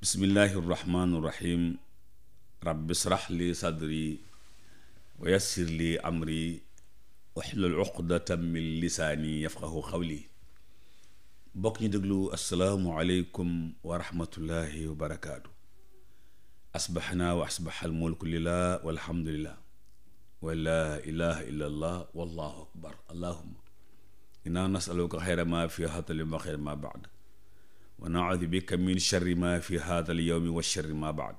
bismillahi irrahmani irrahim rabbi israh li sadri wa yassir li amri waxlul uqdatan min lisaani yafqahu xawli bokk ñu déglu assalaamu aleykum wa rahmatullahi wa barakaatu asbaxna wa asbaxa almulku lillah walhamdulillah wa la ilaha illa allah wallahu akbar allahuma inna nasaluka xayra ma fi hatali wa xayra ma baad wa naudu bika min sharri ma fi hada al yowmi wa sharri ma baad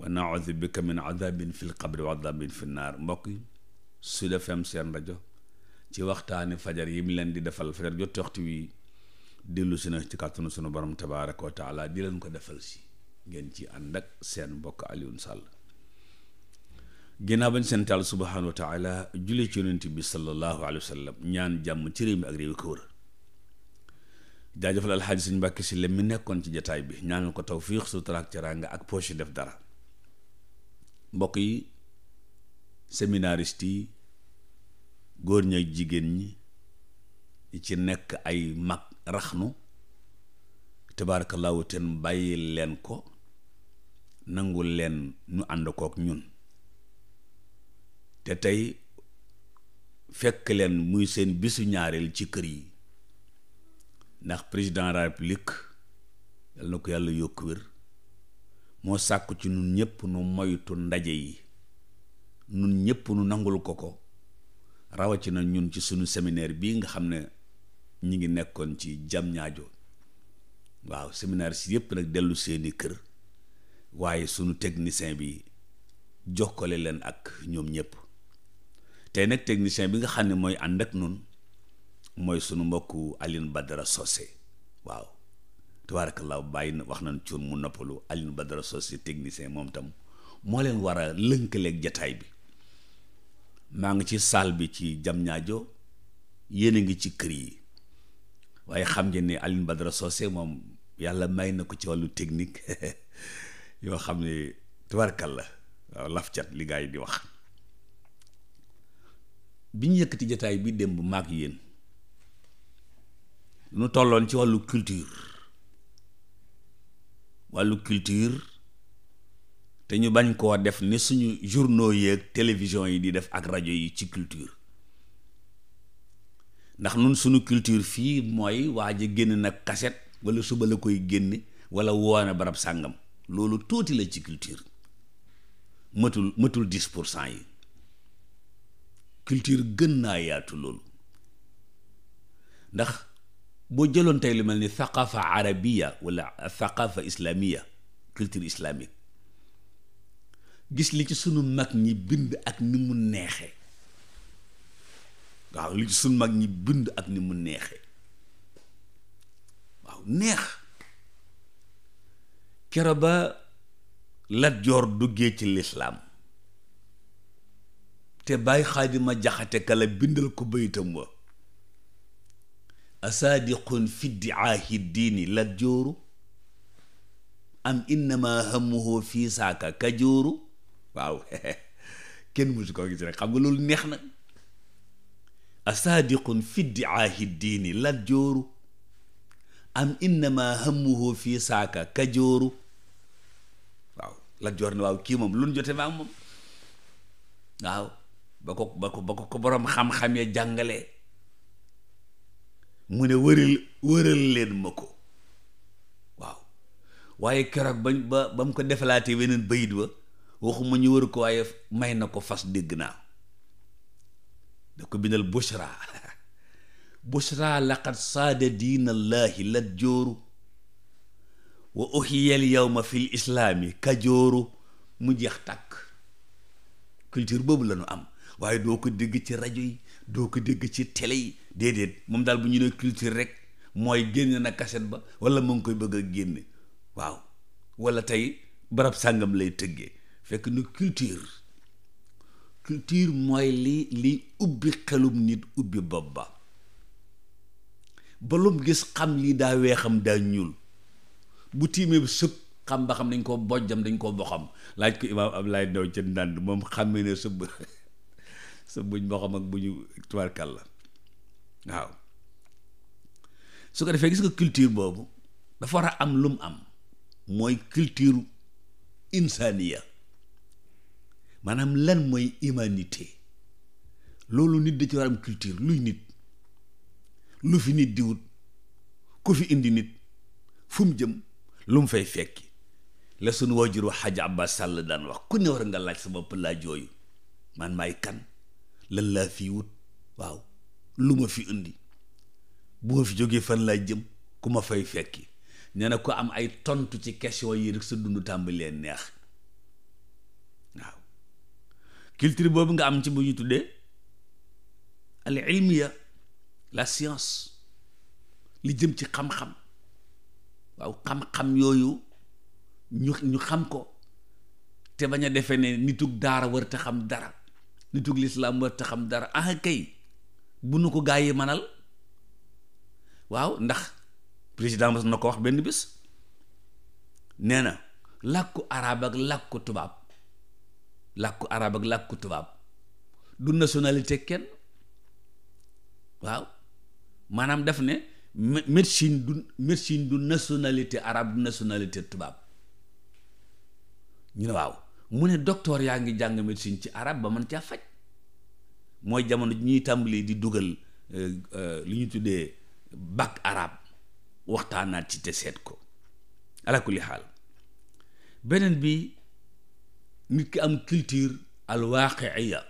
wa naudu bika min adabin fi lqabri wa adabin fi naar mbokk Sud FM seen rajo ci waxtaani fajar yi mu leen di defal fajar jotti waxtu wi dellu si na ci kàttanu sunu borom tabaaraka wa taala di leen ko defal si ngeen ci ànd seen mbokk Alioune Sall ginnaaw bañ seen taal subhaanahu wa taala julli ci yonent bi sallallahu alayhi wa ñaan jàmm ci réew mi ak réew jaajëfal alxaaji suñ mbàkki si lem mi nekkoon ci jataay bi ñaanal ko tawfiix sutura ak teraanga ak poche def dara mbokk yi séminariste yi góor ñay jigéen ñi yi ci nekk ay mag raxnu tabaarakallaahu ten bàyyi leen ko nangu leen ñu ànd kook ñun te tey fekk leen muy seen bisu ñaareel ci kër yi ndax président de la yal na ko yàlla yokk wér moo sàkku ci nun ñëpp nu moytu ndaje yi nun ñëpp nu nangul ko ko rawatina ñun ci suñu séminaire bii nga xam ne ñu ngi nekkoon ci jam ñaajo waaw séminaire si yëpp nag dellu seeni kër waaye sunu technicien bi jokkale leen ak ñoom ñëpp tey nag technicien bi nga xam ne mooy ànd ak nun mooy sunu mbokku Alioune Badara Socé waaw tabaarakallaa bàyyi na wax na cuun mu noppalu alin Badara Socé technicien moom tam moo leen war a lënkaleeg jataay bi maa ngi ci saal bi ci jam ñaajo yéen a ngi ci kër yi waaye xam ngeen ne Alioune Badara moom yàlla may na ko ci wàllu technique yoo xam ne tabaarakallaa waaw laf cat li gars yi di wax bi ñu yëkkati jataay bi démb maak yéen nu tolloon ci wàllu culture wàllu culture te ñu bañ koo def ni suñu journaux yeeg télévision yi di def ak rajo yi ci culture ndax nun sunu culture fii mooy waa ji génn nag kaset wala suba la koy génne wala woona barab sàngam loolu tuuti la ci culture mëtul mëtul dix pour cent yi culture gën naa yaatu loolu ndax boo jëloon tey lu mel ni thaqafa arabiya wala thaqafa culture islamique gis li ci sunu mag ñi bind ak ni mu neexe waaw li ci sunu mag ñi bind ak ni mu neexe waaw neex kero ba Lat Joor duggee ci lislaam te bàyyi xaadima jaxate kala bindal ko baytam wa asaadiqun fi diaahi diini la jooru am innama hamuhu fii saaka ka jooru waaw kenn musu koo gis rek neex na asaadiqun fi diaahi la jooru am saaka ka jooru waaw joor kii moom lu jote maa moom waaw ba ko ba ko ba ko ko boroom xam-xamee jàngalee mu ne wëral wëral leen ma ko waaw waaye keroog bañ ba ba mu ko defalaatee weneen bayit wa waxuma ñu wër ko waaye may na ko fas dégg naa da ko bindal bushra bushra laqad saada diinallaahi la jooru wa uhiyal fi fil islaami kajooru mu jeex takk culture boobu la ñu am waaye doo ko dégg ci rajo yi doo ko dégg ci tele yi déedéet moom daal bu ñu ne culture rek mooy génne na kaset ba wala mu koy bëgg a génne waaw wala tey barab sàngam lay tëggee fekk nu culture culture mooy li liy ubbi xelum nit ubbi bopp ba balum gis xam lii daa weexam daa ñuul bu tiimee sëpp xam ba xam dañ koo bojjam dañ koo boxam laaj ko imaam Ablaye Ndaw ca ndànd moom xàmmee ne sëpp sa buñ boo xam ak la waaw su ko defee gis nga culture boobu dafa war a am lu mu am mooy culture insaniya maanaam lan mooy humanité loolu nit da ci culture luy nit lu fi nit di ku fi indi nit fu jëm lu mu fay fekk la sunu waajur wax xaj Abbas Sall daan wax ku ne war nga laaj sa bopp laaj yooyu man maay kan lan laa fi wut waaw lu ma fi indi bu ma fi jógee fan laa jëm ku ma fay fekki nee na ko am ay tontu ci question yi rek sa dund tàmbalee neex waaw culture boobu nga am ci bu ñu tuddee al ilmiya la science li jëm ci xam-xam waaw xam-xam yooyu ñu ñu xam ko te bañ a defee ne nitug daara war te xam dara nitug lislaam war ta xam dara ah bu nu ko gaa yi manal waaw ndax président mas na ko wax benn bis nee na làkku arab ak làkku tubaab làkku arab ak làkku tubaab du nationalité kenn waaw maanaam def ne médecine du médecine du nationalité arabe du nationalité tubaab ñu ne waaw mu ne docteur yaa ngi jàng médecine ci arab ba man caa faj mooy jamono ñuy tàmbali di dugal euh, euh, li ñu tuddee bac arab waxtaanaat ci te seet ko ala kulli xaal beneen bi nit ki am culture alwaaqiiya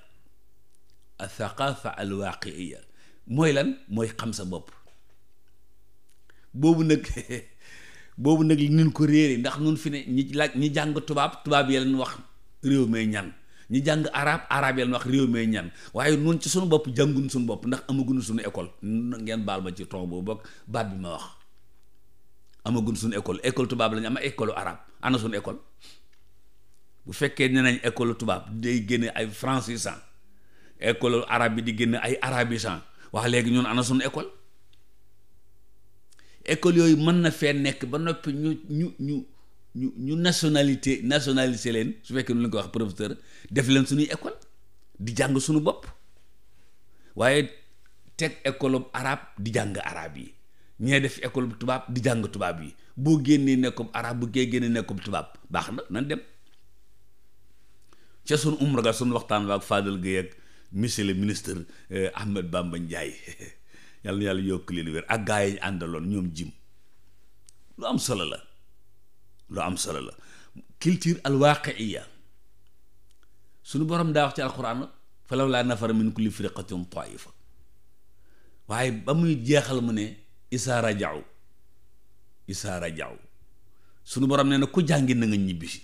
al thaqaafa alwaaqiiya mooy lan mooy xam sa bopp boobu nag boobu nag li nun ko réere ndax nun fi ne ñi laaj ñi jàng tubaab tubaab yi leen wax réew may ñan ñi jàng arab arab yal na wax réew may ñan waaye noonu ci suñu bopp jànguñ suñu bopp ndax amaguñ suñu école ngeen baal ma ci ton boobu bokk baat bi ma wax amaguñ suñu école école tubaab lañu am école arab ana suñu école bu fekkee ne école tubaab day génn ay francisant école arabe bi di génn ay arabisant wax léegi ñun ana suñu école école yooyu mën na fee nekk ba noppi ñu ñu ñu ñu nationalité nationalisé leen su fekkee nu la ko wax professeur def leen suñuy école di jàng suñu bopp waaye teg école arab di jàng araab yi ñee def école tubaab di jàng tubaab yi boo génnee nekkob arab bu kee génnee nekkob tubaab baax na nan dem ca sunu umra ga sunu waxtaan waak Fadel Gueye ak monsieur le ministre eh, Ahmed Bamba Ndiaye yàlla na yàlla yokk leen wér ak gaa yi àndaloon ñoom jim lu am solo la lu am solo la culture alwaaqiya suñu borom daa wax ci alquran falaw laa nafara min kulli firqatin taifa waaye ba muy jeexal mu ne isaa rajaw isaa rajaw suñu borom nee na ku jàngi na nga ñibbisi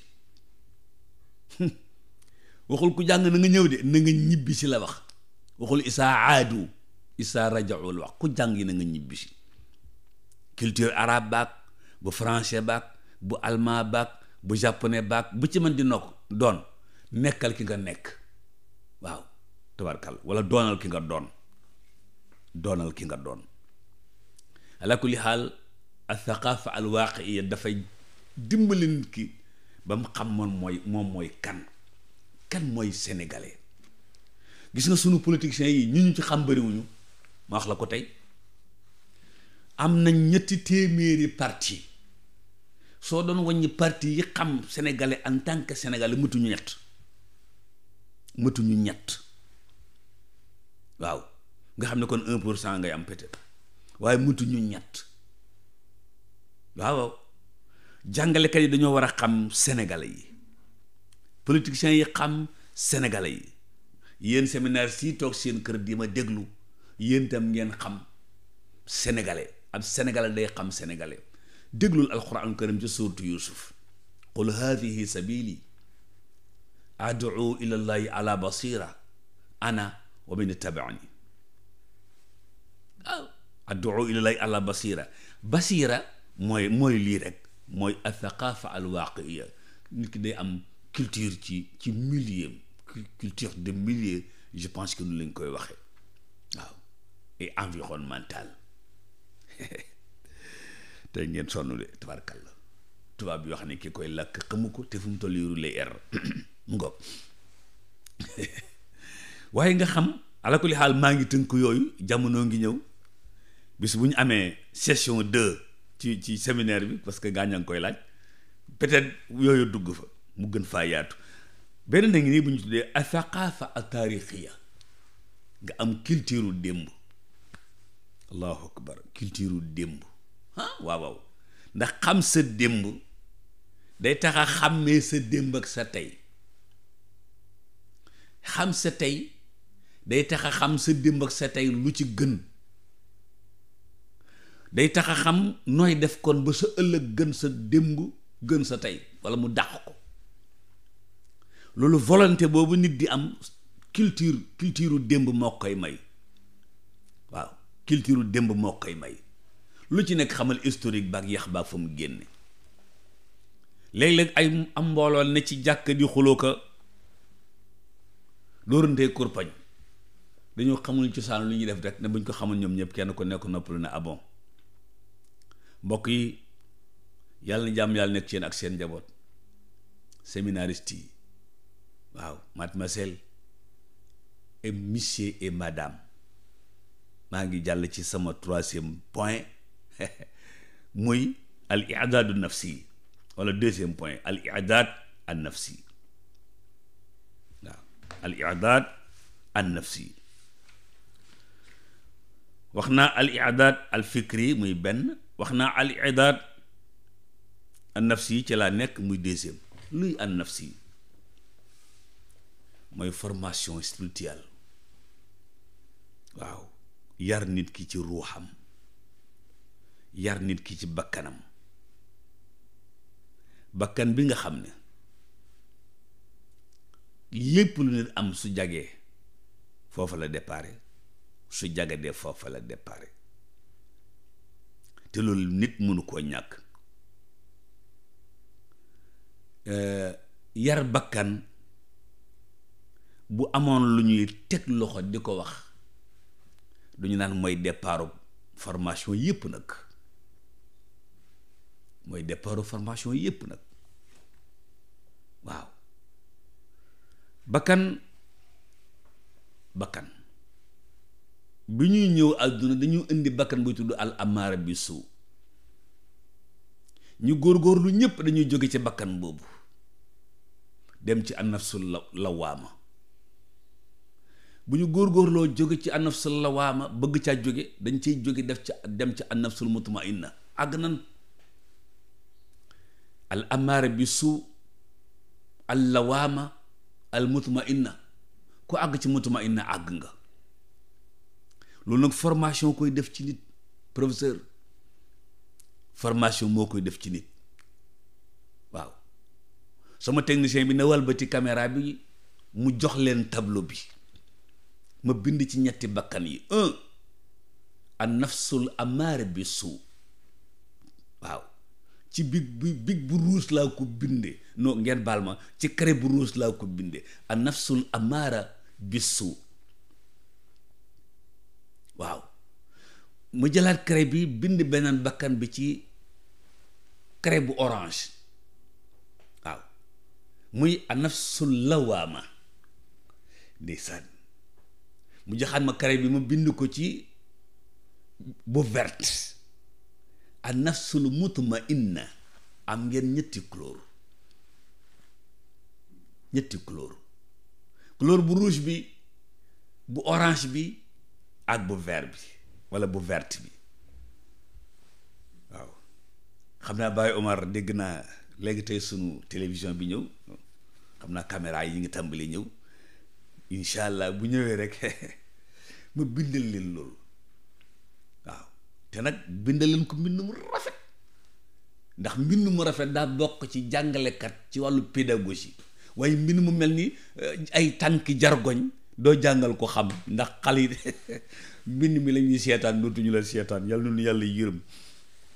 waxul ku jàng na nga ñëw de na nga si la wax waxul isaa aadu isaa rajaw la wax ku jàngi na nga ñibbisi culture arabe baag bu français baag bu allemand baag bu japonais baag bu ci mën di nokk doon nekkal ki nga nekk waaw tabarkal wala doonal ki nga doon doonal ki nga doon ala kulli xaal al thaqafa al waaqiya dafay dimbali nit ki ba mu xam moom mooy moom mooy kan kan mooy sénégalais gis nga sunu politiciens yi ñu ñu ci xam bëriwuñu ma wax la ko tey am na ñetti téeméeri parti soo doon wàññi parti yi xam sénégalais en tant que sénégalais mëtuñu ñett mëtuñu ñett waaw nga xam ne kon un pour cent ngay am peut waaye mutu ñu ñett waaw jàngalekat yi dañoo war a xam sénégalais yi politiciens yi xam sénégalais yi yéen séminaire sii toog seen kër di ma déglu yéen tam ngeen xam sénégalais ab sénégalais day xam sénégalais déglul alquran karim ci suurtu yuusuf qul haadihi sabili adu ila llahi ala basira ana wa man ittabaani waaw adu ila llahi ala basira basira mooy mooy mooy athaqafa alwaaqiya nit ki day am culture ci ci milieu culture de milieu je pense que nu koy waxe tey ngeen sonn de tubaab bi wax ne ki koy làkk xamu ko te fu mu toll yoru lay er mu ngoog waaye nga xam ala kulli xaal maa ngi tënk yooyu jamono ngi ñëw bis bu ñu amee session de ci ci séminaire bi parce que gaañ a ngi koy laaj peut-être yooyu dugg fa mu gën faa yaatu beneen ngi nii bu ñu tuddee athaqaafa ataarixiya nga am culture démb allahu akbar culture démb ah waaw waaw ndax xam sa démb day taxa xam xàmmee sa démb ak sa tey xam sa tey day taxa xam sa démb ak sa tey lu ci gën day taxa xam nooy def kon ba sa ëllëg gën sa démb gën sa tey walla mu dàq ko loolu volante boobu nit di am culture culture démb moo koy may waaw culture démb moo koy may lu ci nekk xamal historique baak yax baak fa mu génne léeg-léeg ay am mbooloo ne ci jàkk di xuloo ko dóorantee kurpañ dañoo xamul cosaan lu ñuy def rek ne buñ ko xamul ñoom ñëpp kenn ku nekk noppalu ne abon ah mbokk yi yàlla na jàmm yàlla nekk ci ak seen njaboot séminariste waaw mademoiselle et monsieur et madame maa ngi jàll ci sama troisième point muy al iadaadu nafsi wala deuxième point al iadaad an nafsi waaw al iadaad an nafsi wax naa al iadaad al fikri muy benn wax naa al iadaad an nafsi ci laa nekk muy deuxième luy an nafsi mooy formation spirituelle waaw yar nit ki ci ruuxam yar nit ki ci bakkanam bakkan bi nga xam ne lépp lu nit am su jagee foofa la dépare su jagadee foofa la dépare te loolu nit mënu koo ñàkk euh, yar bakkan bu amoon lu ñuy teg loxo di ko wax ñu naan mooy départu formation yépp nag mooy départu formation yépp nag waaw bakkan bakkan bi ñuy ñëw àdduna dañu indi bakkan buy tudd al amaara bi suu ñu góor góorlu ñépp dañuy jóge ci bakkan boobu dem ci annafsul lawaama bu ñu góor góorgóorloo jóge ci annafsul lawaama bëgg caa jóge dañ ciy jóge def ci dem ci annafsul mutmainna àgg nan al amaara bi suu al lawaama al mutmainna ku àgg ci mutmainna àgg nga loolu nag formation koy def ci nit professeur formation moo koy def ci nit waaw sama technicien bi na walbati caméra bi mu jox leen tableau bi ma bind ci ñetti bakkan yi un an nafsul amaara bi suu ci big big bu ruus laa ko bindee non ngeen baal ma ci craie bu ruus laa ko bindee a nafsul amaara bisu waaw mu jëlaat craie bi bind beneen bakkan bi ci craie bu orange waaw muy a nafsul lawaama ndeysaan mu joxaat ma craie bi mu bind ko ci bu verte an nafsul na am ngeen ñetti couleur ñetti couleur couleur bu rouge bi bu orange bi ak bu vert bi walla bu vert bi waaw xam naa Baye Omar dégg naa léegi tey sunu télévision bi ñëw xam naa caméra yi ngi tàmbali ñëw incha allah bu ñëwee rek ma bindal leen loolu te nag bind bindaleen ko mbind mu rafet ndax mbind mu rafet daa bokk ci jàngalekat ci wàllu pédagogie waaye mbind mu mel ni eh, ay tànki jargoñ doo jàngal ko xam ndax xale yi mbind mi la ñuy seetaan dootuñu leen seetaan yàlla nunu yàlla yërëm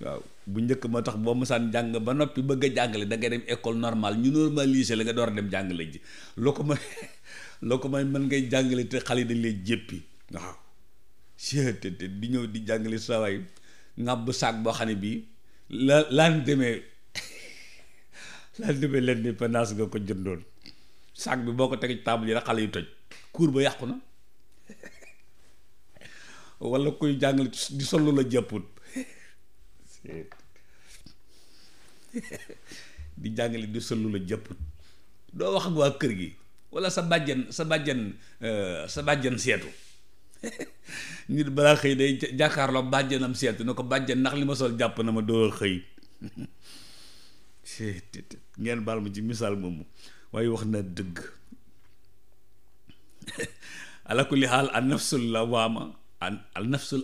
waaw bu njëkk ma tax boo masaan jàng ba noppi bëgg a jàngale da ngay dem école normale ñu normalisé la nga door a dem jàngale ji loo ko may loo ko may mën ngay jàngale te xale yi dañ lay jéppi te te di ñëw di jàngale sawaay ngàbb saag boo xam ne bii la laan demee demee leen nga ko jëndoon saak bi boo ko teg taabul table yi rek xale yu toj kuur ba yàqu na wala kuy jàngale di solo la jàpput jàngale di solo la jàpput doo wax ak waa kër gi wala sa bàjjen sa bàjjen euh, sa bàjjen seetu ngir balaa xëy day jàkkaarloo bàjjanam seet na ko bàjjan ndax li ma sol jàpp na ma doo xëy ngeen baal ma ci misaal moomu waaye wax na dëgg ala kulli xaal an nafsul lawaama an nafsul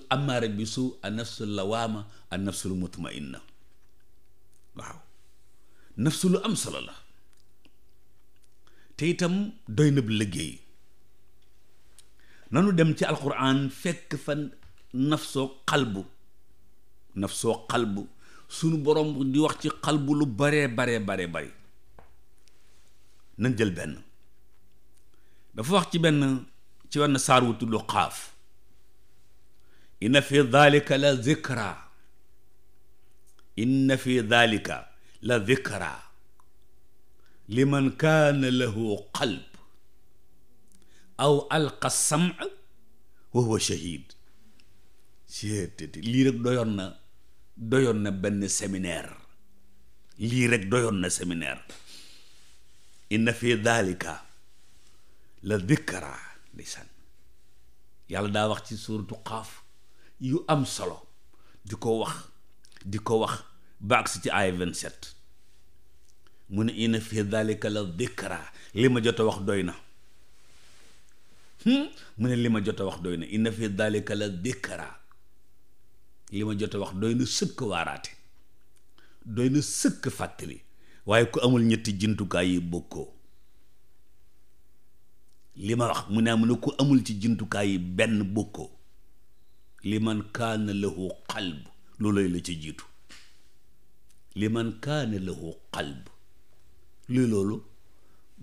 nafsul lawaama an waaw nafsu lu am solo la te itam doy na liggéey nanu dem ci alquran fekk fa nafsoo xalbu nafsoo xalbu sunu borom di wax ci xalbu lu baree baree baree bari nañ jël benn dafa wax ci benn ci wenn saar wu tudd xaaf inna fi dalika la zikra inna fi dalika la zikra liman kaana lahu qalb aw alqa sam wa huwa shahid lii rek doyoon na doyoon na benn séminaire lii rek doyoon na séminaire inna fi dalika la dikra ndeysaan yàlla daa wax ci suuratu xaaf yu am solo di ko wax di ko wax baag si ci aaya 27 mu ne inna fi dalika la dikra li ma jot a wax doy na Hmm? mu ne li ma jot a wax doy na inna fi dalika la dikra li ma jot a wax doy na sëkk waaraate doy na sëkk fàttali waaye ku amul ñetti jumtukaay yi bokkoo li ma wax mu ne mu ne ku amul ci jumtukaay yi benn bokkoo li man kaana lahu qalb looloy la ci jiitu li man kaana lahu qalb lii loolu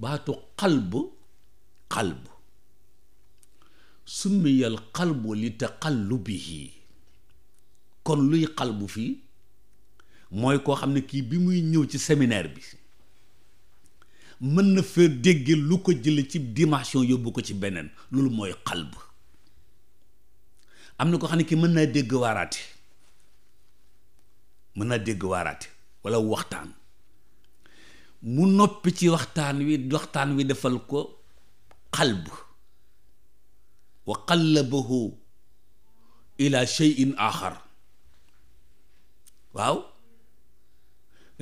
baatu qalb qalb summiyal qalbu li taqallubihi kon luy qalbu fii mooy koo xam ne kii bi muy ñëw ci séminaire bi mën na fee dégge lu ko jële ci dimension yóbbu ko ci beneen loolu mooy xalb am na koo xam ne kii mën naa dégg waaraate mën naa dégg waaraate walla waxtaan mu noppi ci waxtaan wi waxtaan wi defal ko qalb wa qallabahu ila shay'in axar waaw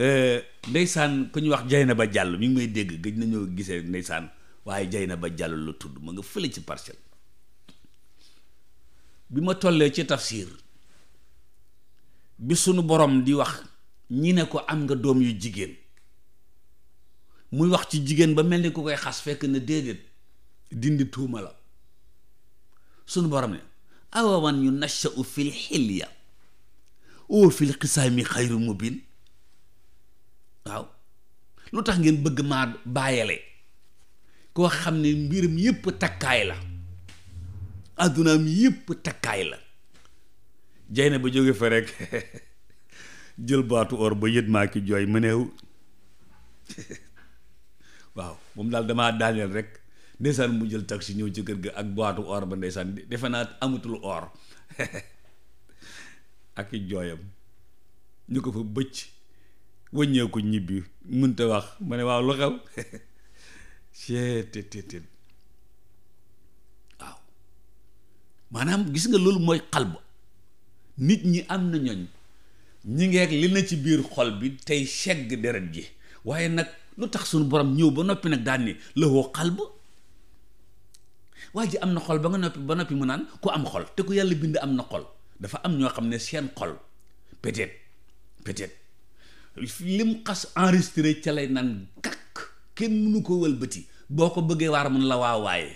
eh, ndeysaan ku ñu wax ba Jàll mi may dégg gëj nañoo gisee ndeysaan waaye ba Jàll la tudd ma nga fële ci parcelle bi ma tollee ci tafsir bi sunu borom di wax ñi ne ko am nga doom yu jigéen muy wax ci jigéen ba mel ni ku koy xas fekk na déedéet dindi tuuma la sunu borom ne awaman yu nashau fil xilya wa fil xisaami xayru mubin waaw lu tax ngeen bëgg maa bàyyale koo xam ne mbiram yépp takkaay la addunaam yépp takkaay la jay ba jóge fa rek jël baatu or ba yët maa ki jooy mëneew waaw moom daal damaa daaneel rek ndeysaan mu jël taxi ñëw jëkkër gi ga ak boitu or ba ndeysaan defe naa amatul or ak jooyam ñu ko fa bëcc wëññee ko ñibbi mënta wax ma ne waaw lu xew seetetetet waaw maanaam gis nga loolu mooy xalbu nit ñi am na ñoñ ñi ngeeg li na ci biir xol bi tey segg deret ji waaye nag lu tax suñu borom ñëw ba noppi nag daan ni la woo xalbu waa ji am na xol ba nga noppi ba noppi mu naan ku am xol te ku yàlla bind am na xol dafa am ñoo xam ne seen xol peut-être peut-être lim xas enregistré ca lay naan kàkk kenn munu ko wëlbati boo ko bëggee waar a mun la waa waaye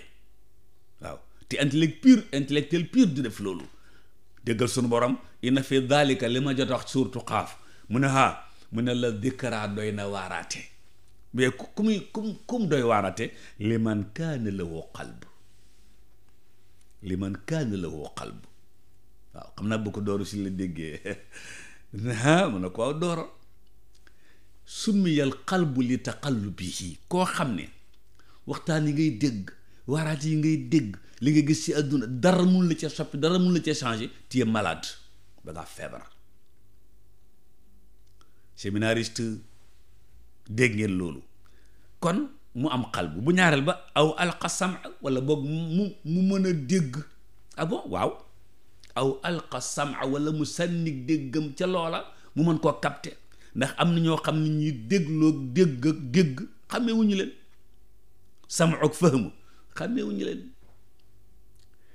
waaw te intellect pur intellectuel pur di def loolu déggal sunu borom inna fi dalika li ma jot wax suurtu xaaf mu ne haa mu ne la dikkaraa doy na waaraate mais ku muy kum kum doy waaraate liman kaana lahu qalb li man kaana la woo waaw xam naa bu ko dooru si la déggee naa ah, mun na ko dooro summiyal qalbu li taqallubihi koo xam ne waxtaan yi ngay dégg waaraat yi ngay dégg li nga gis ci àdduna dara mun la ca soppi dara mun la ca changé te malaad malade da ngaa feebar séminariste dégg ngeen loolu kon mu am xalbu bu ñaareel ba aw alqasam walla boog mu mu mën a dégg ah waaw aw alqasam wala mu sànni déggam ca loola mu mën koo capter ndax am na ñoo xam ne ñuy dégloo dégg ak dégg xàmmeewuñu leen sam ak fahmu xàmmeewuñu leen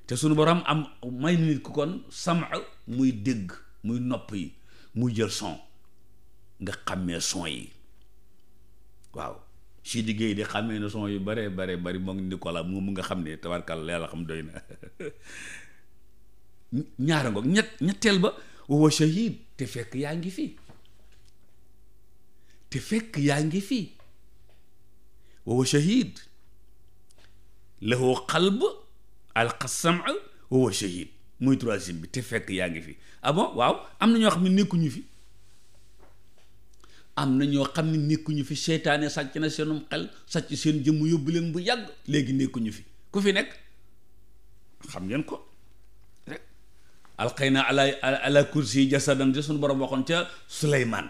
te sunu borom am may nit ku kon sam muy dégg muy nopp yi muy jël son nga xàmmee son yi waaw si liggéey di xàmmee na son yu bare bare bari moom Nicolas moom mu nga xam ne tabarkal yàlla xam doy na ñaara ngoog ñett ñetteel ba wa shahid te fekk yaa ngi fi te fekk yaa ngi fii wa shahid lahu qalb alqasam wa shahid muy troisième bi te fekk yaa ngi fi ah waaw am na ñoo xam ne nekkuñu fi am na ñoo xam ne nekkuñu fi seytaane sàcc na seenum xel sàcc seen jëmm yóbbu leen bu yàgg léegi nekkuñu fi ku fi nekk xam ngeen ko rek alxayna ala ala kursi jasadan te suñu borom waxoon ca Suleymaan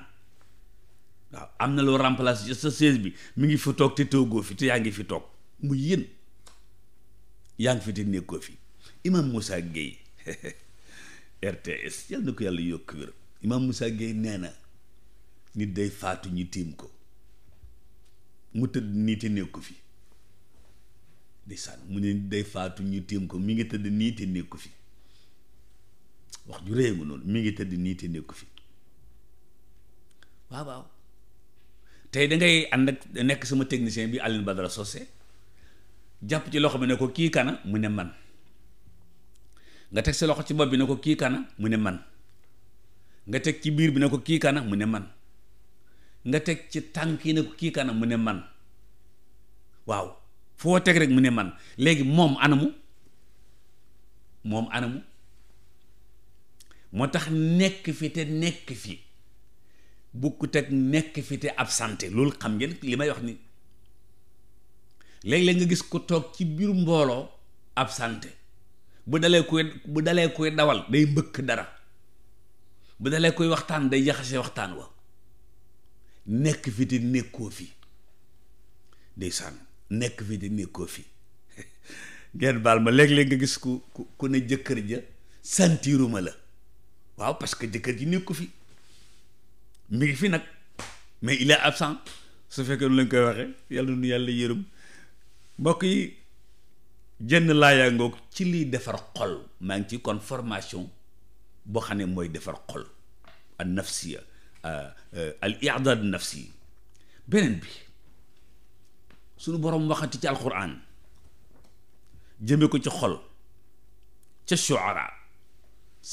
waaw am na loo remplace sa chaise bi mi ngi fi toog te toogoo fi te yaa ngi fi toog mu yéen yaa ngi fi te nekkoo fi imam Moussa Gueye RTS yal na ko yàlla yokk wér imam Moussa Gueye nee na nit day faatu ñu tiim ko mu tëdd nii te nekku fi ndeysaan mu ne nit day faatu ñu tiim ko mi ngi tëdd nii te nekku fi wax ju rëy nga mi ngi tëdd nii te fi waaw waaw tey da ngay ànd ak nekk sama technicien bi Aline Badara Socé jàpp ci loxo bi ne ko kii kana mu ne man nga teg sa loxo ci bopp bi ne ko kii kana mu ne man nga teg ci biir bi ne ko kii kana mu ne man nga teg ci tànk yi ne ko kii kanam mu ne man waaw foo teg rek mu ne man léegi moom anamu moom anamu moo tax nekk fi te nekk fi bukkut nekk fi te absenté loolu xam ngeen li may wax ni léeg-léeg nga gis ko toog ci biir mbooloo absenté bu dalee koy bu dalee koy dawal day mbëkk dara bu dalee koy waxtaan day jaxase waxtaan wa nekk fi di nekkoo fi ndeysaan nekk fi di nekkoo fi ngeen baal ma léeg-léeg nga gis ku ku ne jëkkër ja santiruma la waaw parce que jëkkër ji nekku fi mu ngi fi nag mais il absent su fekkee nu lañ koy waxee yàlla nu yàlla yërëm mbokk yi jënn laayaa ngoog ci liy defar xol maa ngi ci kon formation boo xam ne mooy defar xol an nafsiya al i'daad nafsi beneen bi sunu boroom waxati ci alquran jëme ko ci xol ca shuara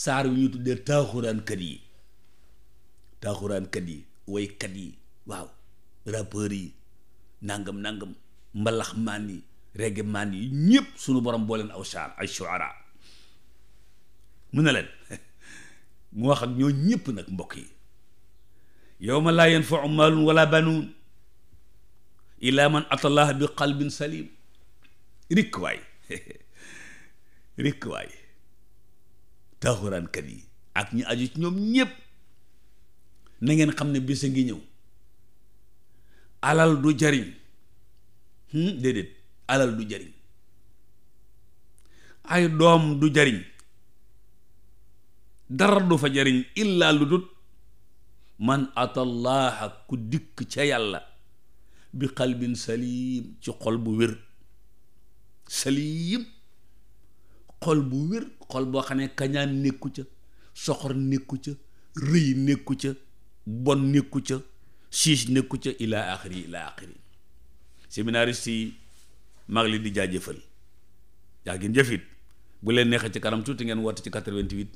saar wi ñu tuddee taaxuraankat yi taaxuraankat yi woykat yi waaw rappeurs yi nangam nangam mbalax maan yi reggae maan yi ñëpp sunu borom boo leen aw saar ay shuara mun na leen mu wax ak ñoo ñëpp nag mbokk yi yowma laa yanfau maalun wala banuun illa man atallah bi qalbin salim rikk waay rikk waay taaxuraankat yi ak ñi aju ci ñoom ñépp na ngeen xam ne bis ngi ñëw alal du jariñ hmm, déedéet alal du jariñ ay doom du jariñ dara du fa jariñ illaa lu dut man atallaha ku dikk ca yàlla bi xalbin salim ci xol bu wér salim xol bu wér xol boo xam ne kañaan nekku ca soxor nekku ca rëy nekku ca bon nekku ca siis nekku ca ilaa axiri ilaa axiri séminariste yi mag li di jaajëfal yaa ngeen jëfit bu leen neexee ci kanam tuuti ngeen woote ci 88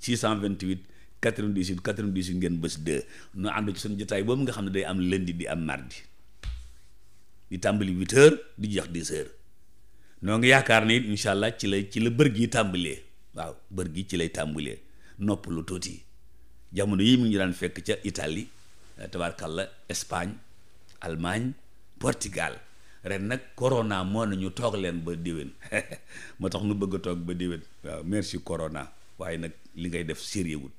628 98 98 ngeen bés 2 nu ànd ci suñu jotaay boobu nga xam ne day am lundi di am mardi di tàmbali 8 heures di jeex 10 heures noo ngi yaakaar ne incha allah ci la ci la bër gi tàmbalee waaw bër gi ci lay tàmbalee nopp lu tuuti jamono yi mu ngi daan fekk ca Italie eh, tabarkalla Espagne Allemagne Portugal ren nag corona moo na ñu toog leen ba déwén moo tax nu bëgg a toog ba déwén waaw merci corona waaye nag li ngay def sérieux wut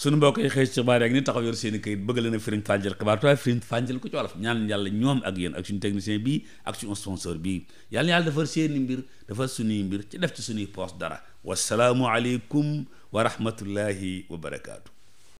sunu mbokk yi xëy ci xibaar ak ni taxaw yor seen i kayit bëgg leen a firiñ fànjal xibaar tuwaay firiñ fànjal ko ci wolof ñaan yàlla ñoom ak yéen ak suñu technicien bii ak suñu sponsor bii yàlla yàlla defar seen mbir defar suñuy mbir ci def ci sunuy poos dara wasalaamu aleykum wa rahmatullahi wa barakaatu